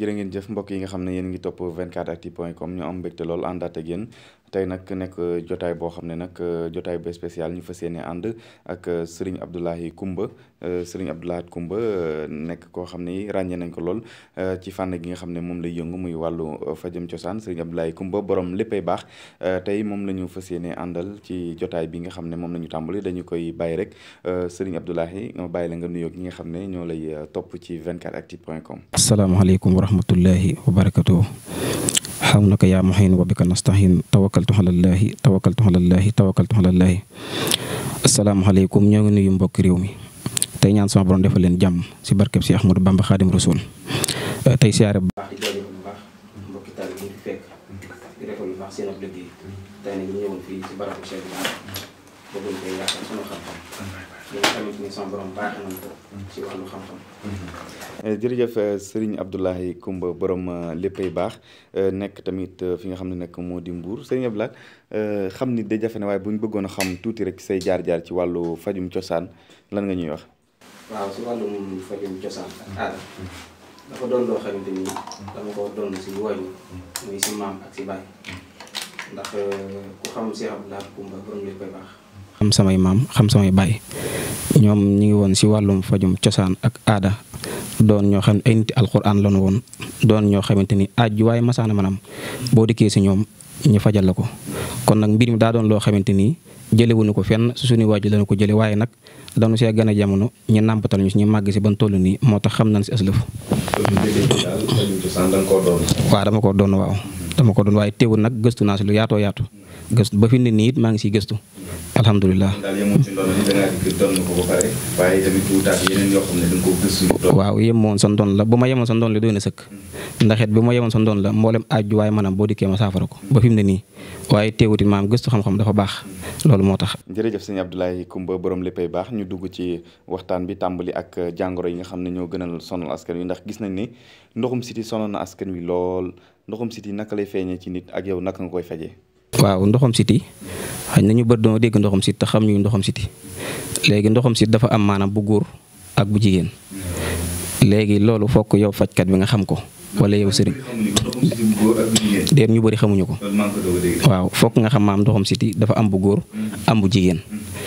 jërë ngeen jëf mbokk yi nga xam ne yéen ngi topp 24actu point com ñu am mbégte lool àndaat ak yéen tey nag nekk euh, jotaay boo xam ne nag euh, jotaay bu spécial ñu fas yéene ànd ak euh, sëriñ Abdoulahi Coumba sëriñ Abdoulahi Coumba nekk koo xam ne ràññee nañ ko lool ci fànn gi nga xam ne moom lay yëngu muy wàllu fajam cosaan sëriñ Abdoulahi Coumba borom léppay baax tey moom la ñu fas yéene àndal ci jotaay bi nga xam ne moom la ñu tàmbali dañu koy bàyyi rek sëriñ Abdoulahi ma bàyyi la nga nuyoog ñi nga xam ne ñoo lay topp ci 24actu point com. asalaamaaleykum wa rahmatullahi wa barakatuh xawlaka yaa muhin wa bika nastahin tawakkaltu alallaahi tawakkaltu alallaahi tawakkaltu alallaahi asalaamaaleykum ñoo ngi nuyu mbokki réew tey ñaan sama borom defal leen jàmm si barkeb si Ahmadou Bamba Xaadim Rasul euh, nga xamante ni sama borom baax nañ ko ci wàllu xam-xam. Euh, jërëjëf euh, Serigne Abdoulaye Coumba borom euh, léppay baax nekk tamit fi nga xam ne nekk moo di Mbour Serigne Abdoulaye xam ni day jafe ne waaye bu bëggoon a xam tuuti rek say jaar-jaar ci wàllu fajum cosaan lan nga ñuy wax. waaw si wàllum fajum cosaan ak aada mm-hmm. dafa doon loo xamante ni dama ko doon si wàññi muy si maam ak si baay mm-hmm. ndax ku xam Serigne Abdoulaye Coumba borom léppay baax. xam samay maam xam samay baay ñoom ñu ngi woon si wàllum fajum cosaan ak aada doon ñoo xam ne ay niti alxuraan woon doon ñoo xamante ni aaj waaye masaana manam boo dikkee si ñoom ñu fajal la ko kon nag mbir mi daa doon loo xamante ni jëlewuñu ko fenn su suñu waaju lañu ko jële waaye nag dañu see gën a jamono ñu nàmpatal ñu si ñu màgg si ban toll nii moo tax xam nañ si aslëf waaw dama ko doon waaw dama ko doon waaye teewul nag gëstu naa si lu yaatoo yaatu gëstu ba fi ne nii it maa ngi siy gëstu alhamdulilah. waaw yemoon sa ndoon la bu ma yemoon sa ndoon la doy na sëkk ndax it bu ma sa ndoon la mboolem aaju waaye maanaam boo dikkee ma saafara ba fi mu ne nii waaye teewuti maam gëstu xam-xam dafa baax loolu moo tax. jërëjëf sëñ Abdoulaye Coumba borom léppay baax ñu dugg ci waxtaan bi ak jàngoro yi nga xam ne ñoo gënal sonal askan wi ndax gis nañ ni ndoxum siti sonal na askan wi lool ndoxum siti naka lay feeñee ci nit ak yow naka nga koy fajee waaw ndoxam siti xañ nañu bër doon dégg ndoxam sit te xam ñu ndoxam siti léegi ndoxam sit dafa am maanaam bu góor ak bu jigéen léegi loolu fokk yow fajkat bi nga xam ko wala yow sëriñ déet ñu bëri xamuñu ko waaw fokk nga xam maam ndoxam siti dafa am bu góor am bu jigéen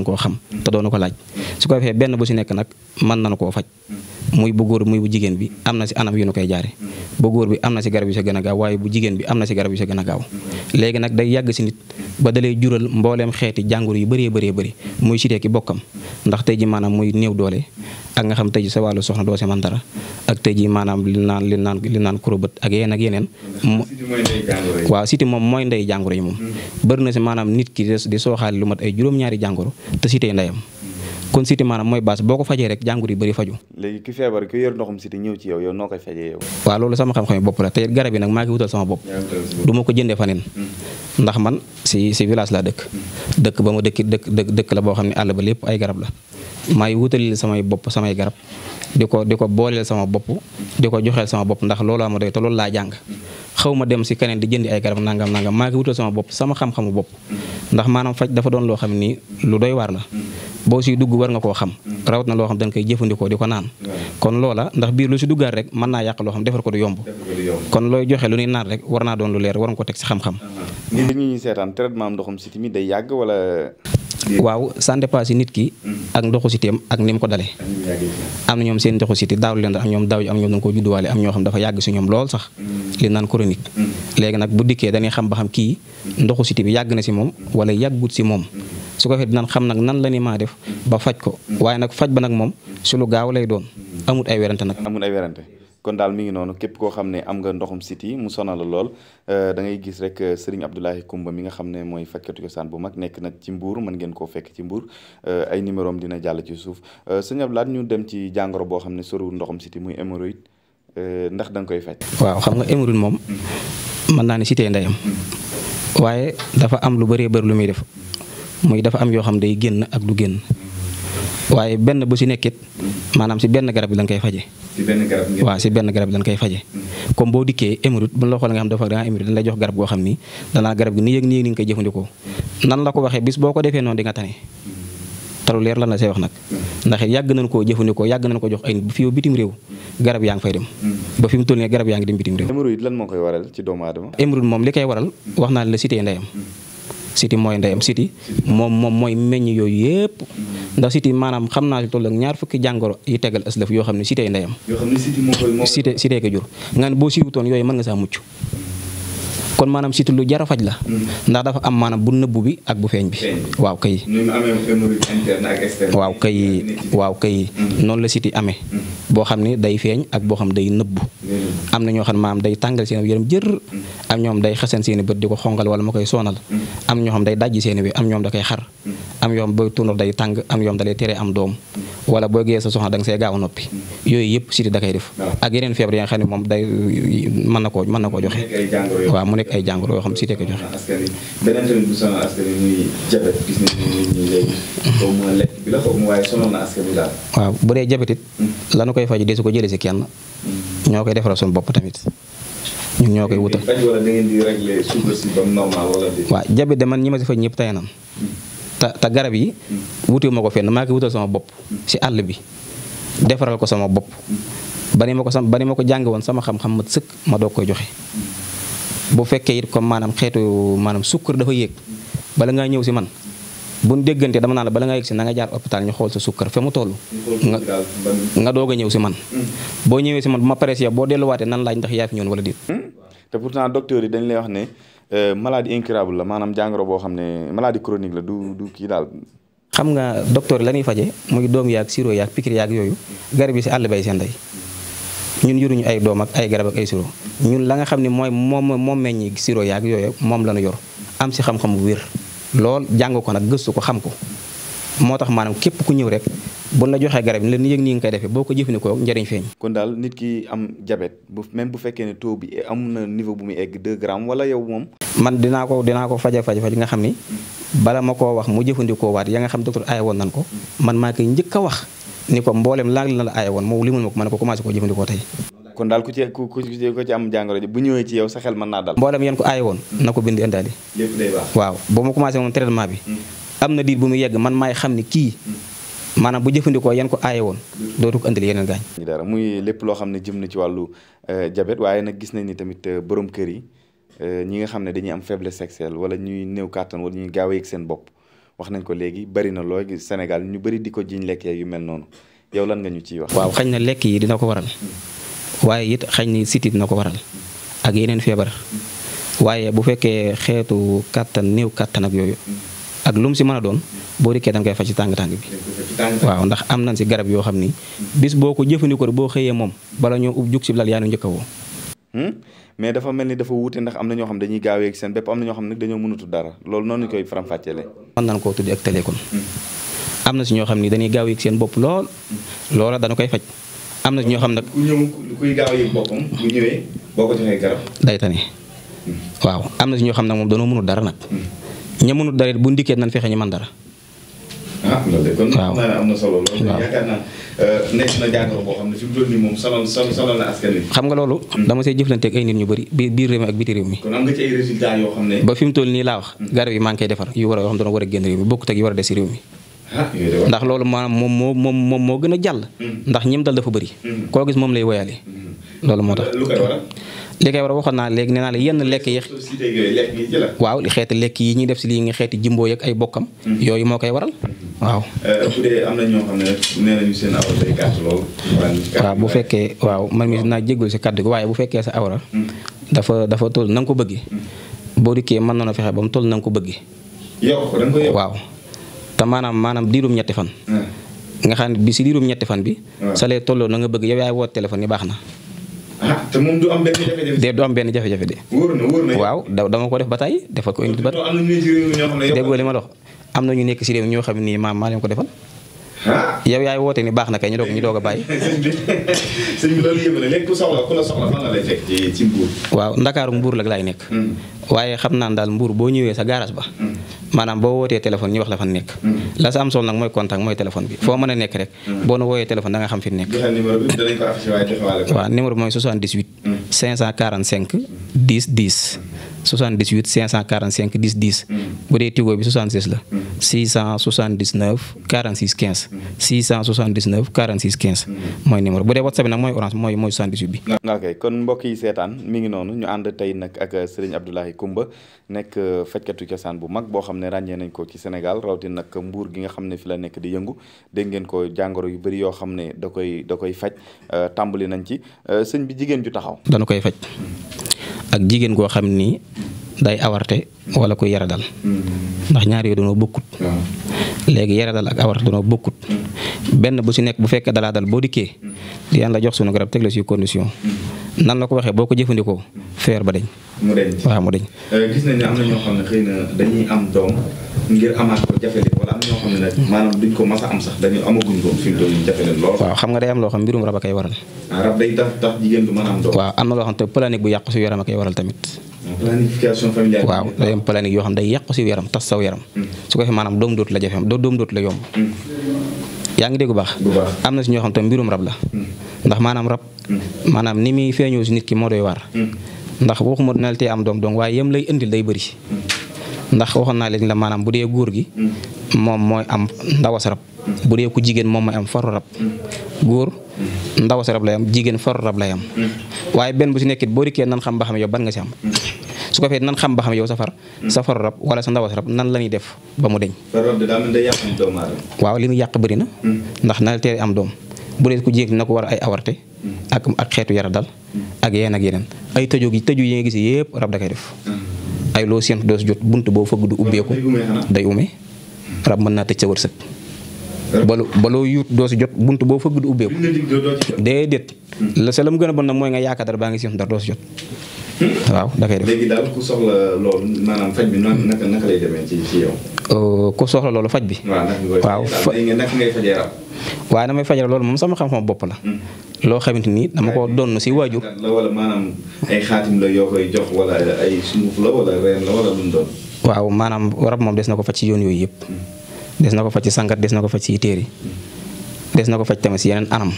nañ koo xam te doonu ko laaj su ko defee benn bu si nekk nag mën nañ koo faj muy bu góor muy bu jigéen bi am na si anam yu nu koy jaare bu góor bi am na si garab yu sa gën a gaaw waaye bu jigéen bi am na si garab yu a gaaw léegi nag day yàgg si nit ba dalay jural mbooleem xeeti jàngoro yu bëree bëree bëri muy sitee ki bokkam ndax tey ji maanaam muy néew doole ak nga xam tey ji sa wàllu soxna doo man dara ak tey ji maanaam li naan li naan li naan kurobët ak yeneen ak yeneen siti moom mooy ndey jàngoro yi moom mm-hmm. bëri na si maanaam nit ki di sooxaali lu mat ay juróom-ñaari jàngoro te cité ndeyam kon cité maanaam mooy base boo ko fajee rek jàngur yi bëri faju léegi ki feebar ki yor ndoxum cité ñëw ci yow yow noo koy fajee yow. waaw loolu sama xam-xam bopp la te garab yi nag maa ngi wutal sama bopp du ma ko jëndee faneen mm. ndax man si si laa dëkk mm. dëkk ba ma dëkki dëkk dëkk la boo xam ne àll ba lépp ay garab la maa ngi wutalil samay bopp samay garab di ko di ko booleel sama bopp di ko joxeel sama bopp ndax loolu ma doy te loolu laa jàng xawma dem si keneen di jëndi ay garab nangam nangam maa ngi wutal sama bopp sama xam-xamu bopp ndax maanaam faj dafa doon loo xam ni lu doy waar la boo siy dugg war nga koo xam rawat na loo xam danga koy jëfandikoo di ko naan kon loola ndax biir lu si duggaat rek mën naa yàq loo xam defar ko du yomb kon looy joxe lu ñuy naan rek war naa doon lu leer war nga ko teg si xam-xam nit ñi ñuy seetaan traitement ndoxum siti day yàgg wala waaw ça dépend si nit ki. Mm-hmm. ak ndoxu siteem ak ni mu ko dalee. Mm-hmm. am na ñoom seen ndoxu site daawul leen am ñoom am ñoom dañ koo judduwaale am ñoo xam dafa yàgg si ñoom lool sax. Mm-hmm. li naan chronique. léegi nag bu dikkee dañuy xam ba xam kii ndoxu site bi yàgg na si moom wala yàggut si moom. su ko defee dinañ xam nag nan la ni maa def ba faj ko waaye nag faj ba nag moom su lu gaaw lay doon amut ay werante nag. amut ay werante. kon daal mi ngi noonu képp koo xam ne am nga ndoxum siti mu sonal la lool euh, dangay gis rek euh, Serigne Abdoulaye Koumba mi nga xam ne mooy fajkatu cosaan bu mag nekk nag ci Mbour mën ngeen koo fekk ci Mbour euh, ay numéro am dina jàll ci suuf sëñ Abdoulaye ñu dem ci jàngoro boo xam ne soriwul ndoxum siti muy hémorroïde ndax danga koy faj. waaw xam nga hémorroïde moom. Hmm. mën naa ne sitee ndeyam. Hmm. waaye dafa am lu bëree bëri lu muy def muy dafa am yoo xam day génn ak du génn. waaye benn bu si nekkit maanaam si benn garab bi lañ koy faje waa si benn garab bi lañ koy faje mm-hmm. comme boo dikkee émérite bu la xool nga xam dafa da émérite dañ jox garab goo xam ni danaa garab gi nii yëg nii nga koy jëfandikoo mm-hmm. nan la ko waxee bis boo ko defee noonu di nga tane mm-hmm. talu leer lan la say wax nag ndax yàgg nañ koo jëfandikoo yàgg nañ ko jox ay nit bu fi réew garab yaa ngi fay dem ba fi mu toll nii garab yaa ngi dem lan moo koy waral ci doomu aadama. hémorroïde moom li koy waral wax naa la cité ndeyam siti mooy ndeyam siti moom moom mooy meññ yooyu yëpp ndax siti maanaam xam naa si toll ak ñaar fukki jàngoro yi tegal aslaf yoo xam ne sitey ndeyam site sitee ko jur nga ne boo toon yooyu mën nga saa mucc kon maanaam siti lu jar a faj la mm. ndax dafa am maanaam bu nëbbu bi ak bu feeñ bi waaw kay waaw kay waaw kay mm. noonu la siti ame mm. boo xam ne day feeñ ak boo xam day nëbbu am na ñoo xam ne maanaam day tàngal seen yaram jër am ñoom day xasan seeni bët di ko xongal wala mu koy soonal mm. am ñoo xam day dajji seeni bi am ñoom da koy xar mm. am yoom booy tundur day tàng am yoom da tere am doom mm. wala boo sa soxna da nga see gaaw noppi yooyu yëpp siti da def ak yeneen feebar yi xam ne day mën na koo mën na koo joxe waaw mu nekk ay jàngoro yoo xam siti ko joxe beneen tamit bu na waaw bu dee jabet lanu koy faj dee su ko jëlee si kenn ñoo koy defaral suñu bopp tamit ñun ñoo koy wutal. waaw jabi de man ñi ma si faj ñëpp tey nan te garab yi wutiwu ma ko fenn maa ngi wutal sama bopp si àll bi defaral ko sama bopp bani ma ko sam bani ma ko jàng woon sama xam-xam mat sëkk ma doo koy joxe bu fekkee it comme maanaam xeetu maanaam sukkar dafa yéeg bala ngaa ñëw si man buñ déggante dama naa la bala ngaa yëg si na nga jaar hôpital ñu xool sa sukkar fe mu toll nga doog a ñëw si man hmm. boo ñëwee si man bu ma paree si yow boo delluwaatee nan laaj te pourtant docteur yi dañ lay wax ne euh, maladi incrable la maanaam jàngoro boo xam ne maladi chronique la du du kii daal. xam nga docteur la ñuy faje muy doom yaag sirop yaag pikir yaag yooyu garab yi si àll bay seen day ñun yoruñu ay doom ak ay garab ak ay sirop ñun la nga xam ne mooy moom moom meññi sirop yaag yooyu moom la ñu yor am si xam-xam bu wér lool jàng ko nag gëstu ko xam ko moo tax maanaam képp ku ñëw rek bu la joxee garab yi la ni boo ko jëfandikoo njëriñ feeñ kon daal nit ki am jabet bu même bu fekkee ne taux bi am na niveau bu man dinaa ko dinaa ko faja faj faj nga xam ni bala ma koo wax mu jëfandikoo waat ya nga xam docteur aaye woon nan ko man maa koy njëkk a wax ni ko mboolem laag la la aaye woon moom limul ma ko man ko jëfandikoo tey kon daal ku ci am jàngoro ji bu ñëwee ci yow sa xel mën naa dal mboolem yéen ko aaye woon na ko bind indaali lépp day baax waaw ba mu commencé moom traitement bi mm. am na diir bu muy yegg man maay xam ni kii mm. maanaam bu jëfandikoo yan ko aaye woon dootu ko andil yeneen gaañ ñu dara muy lépp loo xam ne jëm na ci wàllu euh, jabet waaye nag gis nañ ni tamit euh, borom kër yi euh, ñi nga xam ne dañuy am faiblesse sexuelle wala ñuy néew kàttan wala ñuy gaaw a yëg seen bopp wax nañ ko léegi bari na loo Sénégal ñu bari di ko jiñ lekkee yu mel noonu yow lan nga ñu ci wax. waaw xañ na lekk yi dina ko waral waaye it xañ ni siti dina ko waral ak yeneen feebar waaye bu fekkee xeetu kàttan néew kàttan ak yooyu ak lu mu si mën a doon boo dikkee da nga koy faj si tàng-tàng bi waaw ndax am na si garab yoo xam ni bis boo ko jëfandikoo boo xëyee moom bala ñoo ub jug si lal yaa nu njëkk a woo hmm? mais dafa mel ni dafa wuute ndax am na ñoo xam dañuy gaawee ak seen bépp am na ñoo xam dara loolu noonu ñu koy faram-fàccelee nañ koo tuddi ak télékon hmm. am na si ñoo xam ni dañuy gaawee ak seen bopp lool hmm. loola dañu koy faj am na si ñoo xam nag ku ñëw boo ko joxee garab day tane waaw am na ñoo xam nag moom dañoo mënul dara nag ña mënut dara bu ndikkee nañ fexe ñu mën dara. Ah, waaw xam nga loolu. Hmm. dama see jëflanteeg ay nit ñu bari biir biir réew mi ak réew mi. kon ba fi mu toll nii laa wax. Hmm. garab yi maa ngi koy defar yu war a yoo war a génn réew mi bokkut ak yu war a des si réew mi. Ah, ndax loolu maanaam moom moo moom moom moo gën a jàll. Hmm. ndax ñim dal dafa bari koo gis moom lay woyaale. loolu moo tax li koy war a waxoon naa léegi nee naa la yenn lekk yi. waaw xeeti lekk yi ñuy def si lii nga xeeti jimboo yeeg ay bokkam. Mm-hmm. yooyu moo koy waral mm-hmm. euh, waaw. bu waaw bu fekkee waaw man mi naa jégalu si kàdd gi waaye bu fekkee sa awra. Mm-hmm. dafa dafa toll na ko bëggee. boo dikkee mën na na fexe ba mu toll na ko bëggee. waaw te maanaam maanaam diirum ñetti fan. Mm. nga xam ne bi si diirum ñetti fan bi. Mm. sa lee tolloo na nga bëgg yow yaay woo téléphone yi baax na Ah, te moom du benn jafe-jafe. de du am benn jafe-jafe de. waaw dama ko def ba tey defal ko. ba am na ñu nekk ci réew ñoo xam ne déggoo li am na ñu nekk ci réew ñoo xam ne maam maa leen ko defal. Ah. yow yaay woote ni baax na kay ñu doog ñu doog a bàyyi. sëñ mbuur. waaw ndakaaru mbuur la laay nekk. Hmm. waaye xam naa daal mbuur boo ñëwee sa garage ba. Hmm. maanaam boo wootee téléphone ñi wax la fan nekk mm. la sa am solo nag mooy contact mooy téléphone bi foo mën a nekk rek mm. boo nu wooyee téléphone da nga xam fi nekk waaw numéro bi mooy 78 545 10 10 78 545 10 10 bu dee Tigo bi 76 la 679 46 15 679 46 15 mooy numéro bu dee WhatsApp bi nag mooy orange mooy mooy 78 bi. ok kon mbokk yi seetaan mi ngi noonu ñu ànd tey nag ak Serigne Abdoulaye Coumba nekk euh, fajkatu cosaan bu mag boo xam ne ràññee nañ ko ci Sénégal rawatina nag mbuur gi nga xam ne fi la nekk di yëngu dégg ngeen ko jàngoro yu bëri yoo xam ne da koy da koy faj euh, tàmbali nañ ci euh, sëñ bi jigéen ju taxaw. danu koy faj. Mm. ak jigéen koo xam ni day awarte wala koy yaradal ndax ñaar yooyu dañoo bokkut léegi yaradal ak awarte dañoo bokkut benn bu si nekk bu fekkee dalaa dal boo dikkee di mm. la jox sunu garab teg la condition mm. nan la ko waxee boo ko jëfandikoo mm. feer ba dañ. mu deñ waaw mu deñ. Euh, am na a am sax dañu waaw xam nga day am loo xam mbirum rab a koy waral ah, waaw am na loo xam te planique bu yàqu si yaram a koy waral tamit ah, waaw day am yoo xam day yàqu si yaram tas saw yaram hmm. su ko fi maanaam doom dootu la jafe am doom dootu la yomb hmm. yaa ngi dégg bu baax am na si ñoo xam te mbirum rab la hmm. ndax maanaam rab maanaam ni muy feeñoo si nit ki moo doy waar ndax waxuma dinal tee am doom donc waaye yem lay indil day bëri ndax waxoon naa leen la maanaam bu dee góor gi moom mooy am ndawas rab bu dee ku jigéen moom mooy am faru rab góor ndawas rab lay am jigéen faru rab lay am waaye benn bu si nekkit boo dikkee nan xam yow ban nga si am su ko fee nan yow sa far sa faru wala sa ndawas rab nan la ñuy def ba mu deñ waaw li muy yàq bëri na ndax na teel am doom bu dee ku jigéen na ko war ay awarte ak ak xeetu yara dal ak yeneen ak yeneen ay tëju gi tëju yi nga gis yëpp rab da koy def waaye loo séentu doo si jot bunt boo fëgg du ubbeeku day ume rab mën naa tëj sa wërsëg balu baloo yuut doo si jot bunt boo fëgg du ubbeeku déedéet la sa la mu gën a bon mooy nga yaakaar dara baa ngi séentu dara doo si jot Hmm? waaw da koy euh, ku soxla loolu faj bi naka naka loolu faj bi. waaw naka rab. waaye na may fajee loolu moom sama xam-xam bopp la. Hmm. loo xamante ni dama ko doon si waajur. la maanaam ay waaw maanaam rab moom des na ko faj ci yoon yooyu yëpp. Hmm. des na ko faj ci sangat des na ko faj ci téere des na ko faj tamit si yeneen anam.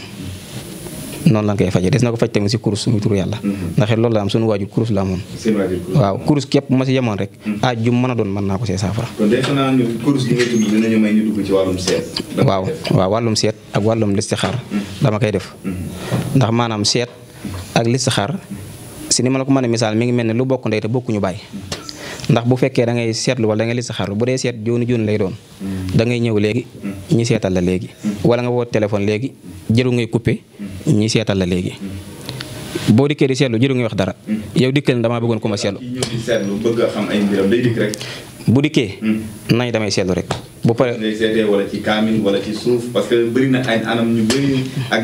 noonu lañ koy faje des na ko faj tamit si kurus muy turu yàlla mhm. ndax loolu la am suñu waajur kurus la amoon waaw kurus képp ma si yemoon rek mhm. aaj ju mën doon man naa ko see saafara waaw waaw wàllum seet ak wàllum listixaar mhm. dama koy def ndax maanaam seet ak listixaar si ni ma la ko man a misaal mi ngi mel ne lu bokk ndey te bokkuñu bàyyi ndax bu fekkee da ngay seetlu wala da ngay listixaarlu bu dee seet joonu joonu lay doon mm. da ngay ñëw léegi mm. ñi seetal la léegi mm. wala nga woo téléphone léegi jëru ngay coupé ñi seetal la léegi boo dikkee di seetlu jëru ngay wax dara yow dikkal ne damaa bëggoon ko ma seetlu bu dikkee. nañ damay seetlu rek. bu paree ngay seetee wala ci kaamin wala ci suuf parce que bëri na anam ñu bëri ak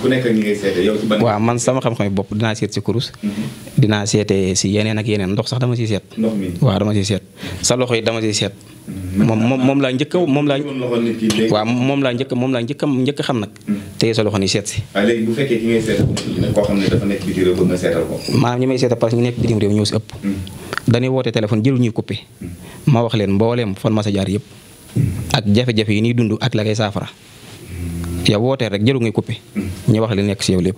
ku nekk ak ñi ngay seetee yow man sama xam-xam yi bopp dinaa seet si kurus. dinaa seetee si yeneen ak yeneen ndox sax dama siy seet. ndox mi dama siy seet sa loxo yi dama siy seet. Mm-hmm. moom moom moom laa njëkk moom laa. waaw moom laa njëkk moom laa njëkk njëkk xam nag. Mm-hmm. tey sa loxo ni seet si. waaye léegi koo xam ne dafa nekk bitim may seetal parce que ñu nekk bitim réew ñoo si ëpp. Mm-hmm. dañuy woote téléphone jël ñuy coupé ma wax leen mbooleem fon ma sa jaar yëpp ak jafe-jafe yi ñuy dund ak la saafara yow wootee rek jëru ngay coupé ñu wax li nekk si yow lépp.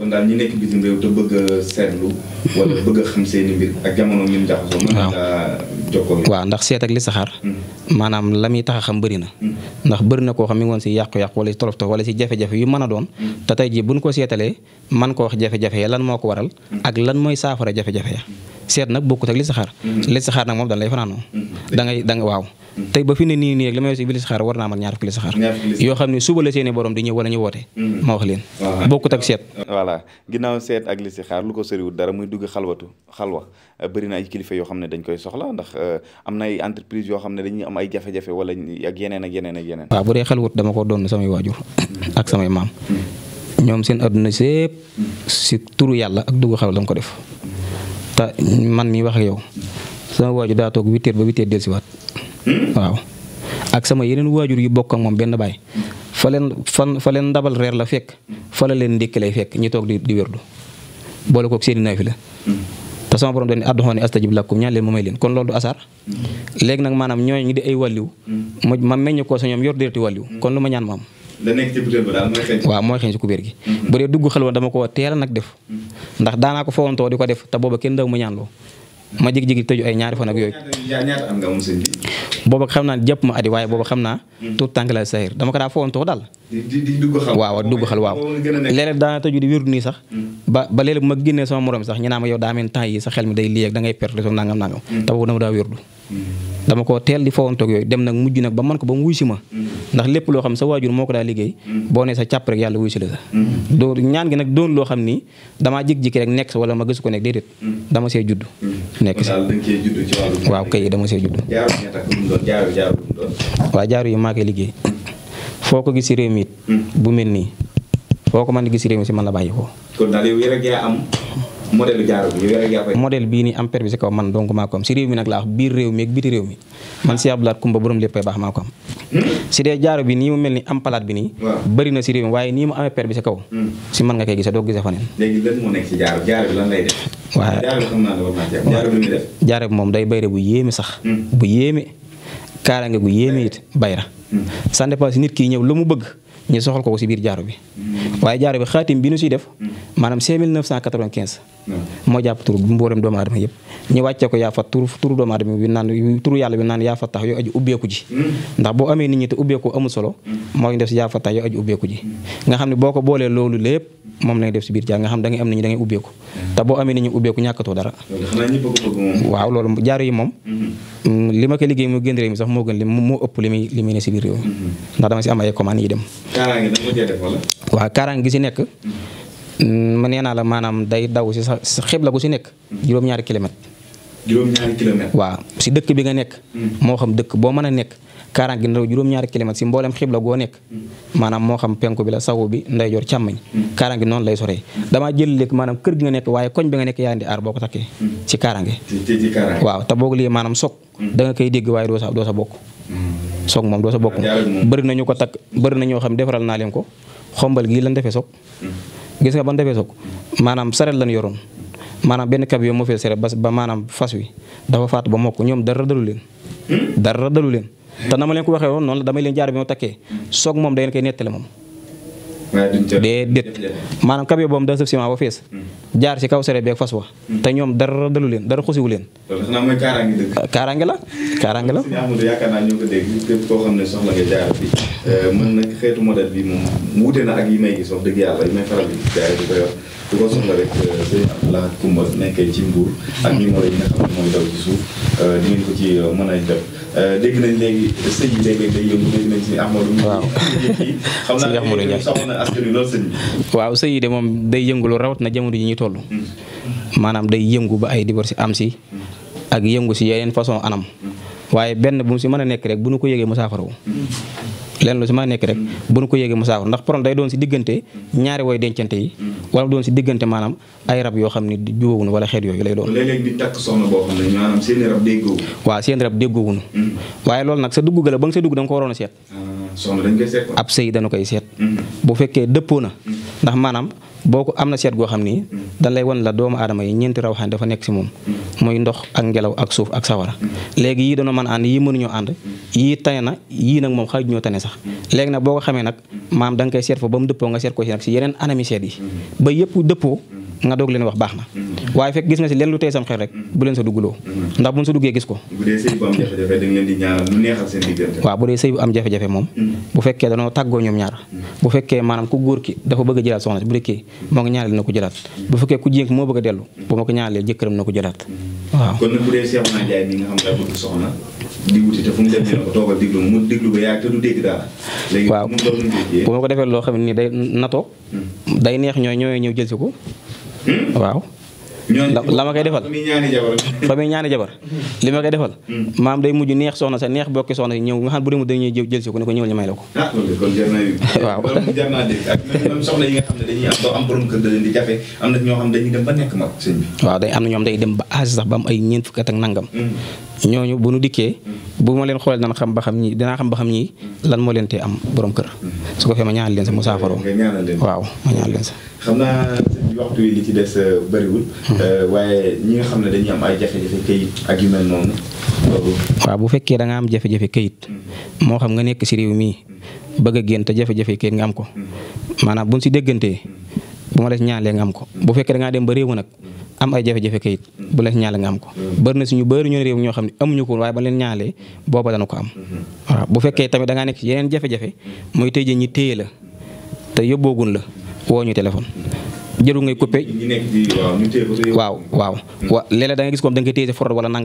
ndax seet ak li saxaar. Hmm. maanaam la muy tax xam bëri na. Hmm. ndax bëri na koo xam mi woon si yàqu-yàqu wala si tolof-tolof wala si jafe-jafe yu mën a doon. Hmm. te tey jii buñ ko seetalee man koo wax jafe-jafe ya lan moo ko waral. ak lan mooy saafara jafe-jafe ya. seet nag bokkut ak listixaar mm-hmm. listixaar nag moom dañ lay fanaanoo mm-hmm. da ngay da waaw mm-hmm. tey ba fi ne nii nii rek li may wax si listixaar war naa mat ñaar fukki listixaar yoo xam ne suba la borom di ñëw wala ñu woote ma wax leen bokkut ak seet voilà ginnaaw seet ak listixaar lu ko soriwul dara muy dugg xalwatu xalwa euh, barina ay kilifa yoo xam ne dañ koy soxla ndax euh, am na ay entreprise yoo xam ne dañuy am ay jafe-jafe wala ak yeneen ak yeneen ak yeneen waaw bu dee xalwat dama ko doon samay waajur ak samay maam ñoom seen adduna sépp si turu yàlla ak dugg xalwa lañ ko def te man mi wax ak yow sama waajur daa toog huit heures ba huit heures hmm? waaw ak sama yeneen waajur yu bokk ak moom benn baay fa leen fan fa ndabal reer la fekk fa la leen ndékki lay fekk ñu toog di di wérdu boole koog seeni naafi la hmm. te sama borom doon ne adduxoon ne astajib lakum ñaan leen mu may leen kon loolu du asar hmm. léegi nag maanaam ñooñu di ay wàlliw ma meññ koo sa ñoom yor déeti wàlliw kon lu ma ñaan ma am la nekk ci butéel waaw mooy xeeñ ci kubéer gi. Mm-hmm. bu dugg xel woon dama ko teel nag def. Mm-hmm. ndax daanaa ko fowantoo di ko def te booba kenn daw ma ñaanloo. ma jig-jigi tëju ay ñaari fan ak yooyu. ñaata booba xam naa jàpp ma adi waaye booba xam naa. Mm-hmm. tuut tànk la sahir dama ko daa fowantoo daal. di di dugg xal waaw dugg xal waaw. léeg-léeg daana tëju nii sax. ba ba léeg-léeg bu ma génnee sama morom sax ñu naa ma yow daa mel temps yi sa xel mi day lii ak da ngay perte nangam nangam. te boobu dama daa wérdu dama ko teel di fawantoog yooyu dem nag mujj nag ba man ko ba mu wuy si ma ndax lépp loo xam sa waajur moo ko daa liggéey boo ne sa càpp rek yàlla wuy si la sa doo ñaan nag doon loo xam ni damaa jékki-jékki rek nekk sa wala ma ko nekk déedéet dama see judd nekk waaw kay dama see judd waaw jaaru yi maa liggéey foo ko gis si réew miit hmm. bu mel nii foo ko mën gis réew mi si man la bàyyi ko kon daal yow modèle bii nii am per bi si kaw man donc maa ko si réew mi nag laa wax biir réew mi ak biti réew mi man si Abdoulaye Kumba borom léppay baax maa ko am. Hmm? si dee jaaro bi nii mu mel ni am palaat bi nii. barina si réew mi waaye nii mu amee per kaw. Hmm. si man nga koy gisee doo gisee faneen. jaaro bi moom day bayre bu yéeme sax. Hmm. bu yéeme kaaraange gu yéeme it bayra. ça dépend si nit kii ñëw lu mu bëgg ñu soxal ko ko si biir jaaro bi waaye jaaro bi xaatim bi nu siy def maanaam 5995 moo jàpp tur mboolem doomu aadama yëpp ñu wàccee ko yaa fat tur turu doomu aadama bi naan turu yàlla naan yaa fat tax yoo aju ubbeeku ji ndax boo amee nit ñi te ubbeeku amul moo ñu def si yaa fat tax yoo aju ubbeeku ji nga xam ne boo ko boolee loolu lépp moom lay def si biir jaar nga xam da ngay am nit ñi da ngay ubbeeku mm-hmm. te boo amee nit ñi ubbeeku ñàkkatoo dara waaw loolu jaaro yi moom mm-hmm. mm, li ma liggéey mu génn réew mi sax moo gën li moo ëpp li muy li muy ne si biir réew mm-hmm. ndax dama si am ay commandes yi dem waaw kaaraange gi si nekk mm, ma nee naa la maanaam day daw si sa xibla gu si nekk juróom-ñaari kilomètre juróom-ñaari kilomètre waaw si dëkk bi nga nekk moo xam dëkk boo mën a nekk kaaraange na juróom-ñaari kilomètre si mboolem xibla goo nekk maanaam moo xam penku bi la sawu bi ndeyjoor càmmañ kaaraange noonu lay soree damaa jël léegi maanaam kër gi nga nekk waaye koñ bi nga nekk yaa indi aar boo ko takkee ci kaaraange waaw te boog lii maanaam soog mm. da nga koy dégg waaye doo sa doo sa bokk mm. soog moom doo sa bokk bëri ñu ko takk bëri na ñoo xam defaral naa leen ko xombal gii la defee soog mm. gis nga ban defee soog maanaam saret lan yoroon maanaam benn kab yoo moo fee ba maanaam fas wi dafa faat ba mokk ñoom dara dalu leen hmm? dara dalu leen te na ma leen ko waxee woon noonu la damay leen jaar bi ma takkee soog moom da ngeen koy nettale moom dee dét maanaam kabe boobu da sëf ba fees hmm. jaar ci kaw sere beeg fas wa hmm. te ñoom dara dalu leen dara xusiwu leen ah, kaaraange la kaaraange la yaakaar naa ñoo ko dégg képp koo xam ne soxla bi euh, mën nag na ak yi may gis wax dëgg yàlla yi may faral di jaay di koy wax euh, nga xam ne mooy daw ci suuf euh, di ko ci mën a jot Euh, dégg waaw xam na askan wi lool de moom day yëngu rawat na jamono yi ñuy toll. Hmm. maanaam day yëngu ba ay si am si. Hmm. ak yëngu si yeneen façon anam. Hmm. waaye benn bu mu si mën a nekk rek bu nu ko yëgee mu saafara lenn lu si maa nekk rek bu nu ko yéegee mu saafara ndax problème day doon si diggante ñaari way dencante yi wala doon si diggante maanaam ay rab yoo xam ne jubóowuñu wala xeet yooyu lay doon léeg-léeg di takk soxna boo xam ne maanaam seen rab déggoowuñu waaw hmm. waaye loolu nag sa dugg la ba sa dugg da ko waroon a seet ah. soxna dañ koy seet ab sëy dañu koy seet. Mm-hmm. bu fekkee dëppoo na. Mm-hmm. ndax maanaam boo ko am na seet goo xam ni. Mm-hmm. dañ lay wan la doomu adama yi ñeenti raw xam dafa nekk si moom. muy ndox ak ngelaw ak suuf ak sawara. léegi yii dañoo mën ànd yii mënuñoo ànd. yii tane na yii nag moom xaaj ñoo tane sax. léegi nag boo ko xamee nag maam da koy seet fa ba mu dëppoo nga seet ko si nag si yeneen anami seet yi. ba yëpp dëppoo. nga doog leen wax baax na mm-hmm. waaye fekk gis nga si leen lu tey sam xel rek mm-hmm. bu leen sa dugguloo mm-hmm. ndax buñ sa duggee gis ko waaw bu dee sëy bu am jafe-jafe moom bu fekkee danoo tàggoo ñoom ñaar bu fekkee maanaam ku góor ki dafa bëgg a jëlaat soxna si bu moo ngi na ko jëlaat bu fekkee ku jigéen moo bëgg a dellu bu ma ko ñaareel jëkkëram na ko jëlaat waaw kon nag bu dee Cheikh Oumar Ndiaye mi nga xam ko toogal ma ko defee loo xam ne nii day nato day neex ñooy ñooy ñëw jël si ko Hmm? waaw. la ma koy defal fa muy ñaani jabar hmm. li ma koy defal hmm. maam day mujj neex soxna sa neex bokki soxna si ñëw nga xam bu dee mu dañuy jëw jël si ko ne ko ñëwal ñu may la ko waaw day am na ñoom day dem ba âge sax ba am ay ñeent fukki ak nangam ñooñu bu nu dikkee bu ma leen xoolee dana xam ba xam ñi dinaa xam ba xam ñi lan moo leen tee am boroom kër su ko fee ma ñaan leen sa mu saafaroo waaw ma ñaanal leen sa xam euh, hmm. euh, waaye ñi xam ne dañuy am ay bu fekkee da nga am jafe-jafe kayit hmm. moo xam nga nekk si réew mii hmm. bëgg a génn te jafe-jafe kayit nga am ko maanaam bu ñu si déggantee bu ma leen si ñaanalee am ko bu fekkee da ngaa dem ba réew nag am ay jafe-jafe kayit bu leen ñaale nga am ko bëri na ñu bëri ñu ne réew ñoo xam ne amuñu ko waaye ba leen ñaalee booba dana ko am bu fekkee tamit da ngaa nekk yeneen jafe-jafe mooy tey jii ñi téye la te yóbboogun la woo ñu téléphone jërul ngay coupé waaw hmm. wa léeg da da nga koy téye si forot hmm.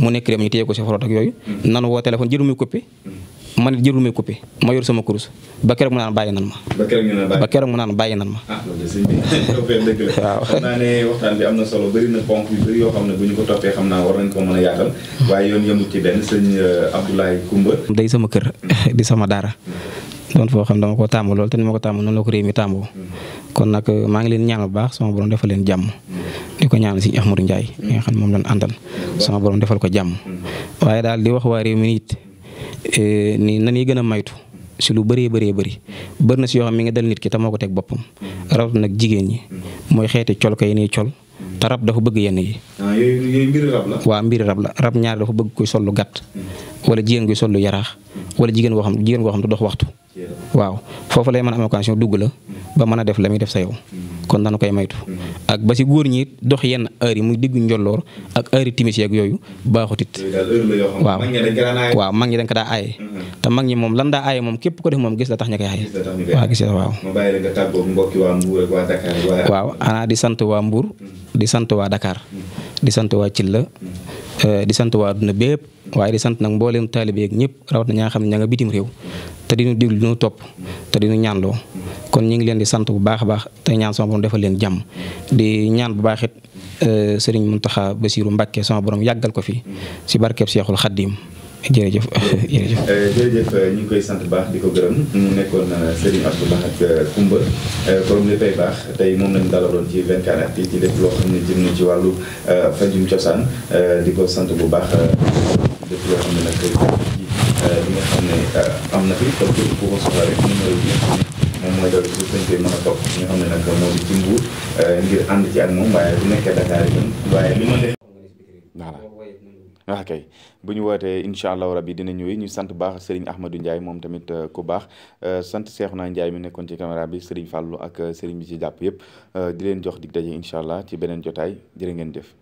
mu nekk réew ko man jërul may coupé ma yor sama kurus ba keroog mu naan bàyyi nan ma. ba keroog ñu ba keroog mu naan bàyyi nan ma. ah loolu de sëñ waaye yoon yëmut ci benn sëñ euh, Abdoulaye Koumba. day sama kër di sama daara. doon foo xam dama ko taamu lool te ni ma ko taamu noonu la ko réew mi taamoo. kon nag euh, maa ngi leen ñaanal bu baax sama borom defal leen jàmm. di ko ñaanal si Ahmadou Ndiaye. mi nga xam ne moom lañ àndal. Mm-hmm. sama borom defal ko jàmm. Mm-hmm. waaye daal di wax waa réew mi it Eh, ni nañuy gën a maytu si lu bëree bëree bëri bër na si yoo xam mi nga dal nit ki te moo ko teg boppam rawat nag jigéen ñi mooy xeeti col ko yi nii col te rab dafa bëgg yenn yi. Ah, waaw mbiri rab la rab ñaar dafa bëgg kuy sol lu gàtt hmm. wala jigéen kuy sol lu yaraax wala jigéen goo xam jigéen goo xam du dox waxtu waaw foofu lay man a am occasion dugg la ba mën a def la muy def sa yow kon nanu koy maytu ak ba si góor ñi dox yenn heure yi muy diggu njolloor ak heure yi timis yeeg yooyu baaxutit waaw waaw mag ñi dañ ko daa aaye mm-hmm. te mag ñi moom lan daa aaye moom képp ko def moom gis la tax ñu koy aaye waaw gis la di sant waa Mbour mm-hmm. di sant waa Dakar mm-hmm. di sant waa Cilla Eh, di sant waa adduna bépp waaye di sant nag mbooleem taalibe yeeg ñëpp rawat na ñaa xam ne ña nga bitim réew te di ñu déglu di ñu topp te dina ñu ñaanloo kon ñu ngi leen di sant bu baax a baax te ñaan sama borom defal leen jàmm di ñaan bu baax it mun eh, Muntaxa Basiiru Mbàkke sama borom yàggal ko fi si barkeb Seexul Xaddiim jërëjëf jërëjëf. Euh, jërëjëf euh, ñu ngi koy sant baax di ko gërëm mu nekkoon euh, Serigne Abdou Lahad Coumba borom léppay baax tey moom lañu dalaloon ci 24actu yi ci lépp loo xam ne jëm na ci wàllu fajum cosaan di ko sant bu baax lépp loo xam ne nag li xam ne am na fi kon ku ko soxla rek numéro bi nga xam ne moom mooy daw suuf dañ koy mën a topp ñu xam ne nag moo di ci mbuur ngir ànd ci ak moom waaye bu nekkee Dakar itam waaye li ma def. waaw ah, kay bu ñu wootee incha allahu rabi dina ñëwee ñu sant baax Serigne Ahmadou Ndiaye moom tamit euh, ku baax euh, sant Cheikhouna Ndiaye mi nekkoon ci caméra bi Serigne Fallou ak euh, Serigne bi ci jàpp yëpp di leen jox dig daje incha allah ci beneen jotaay jërë ngeen def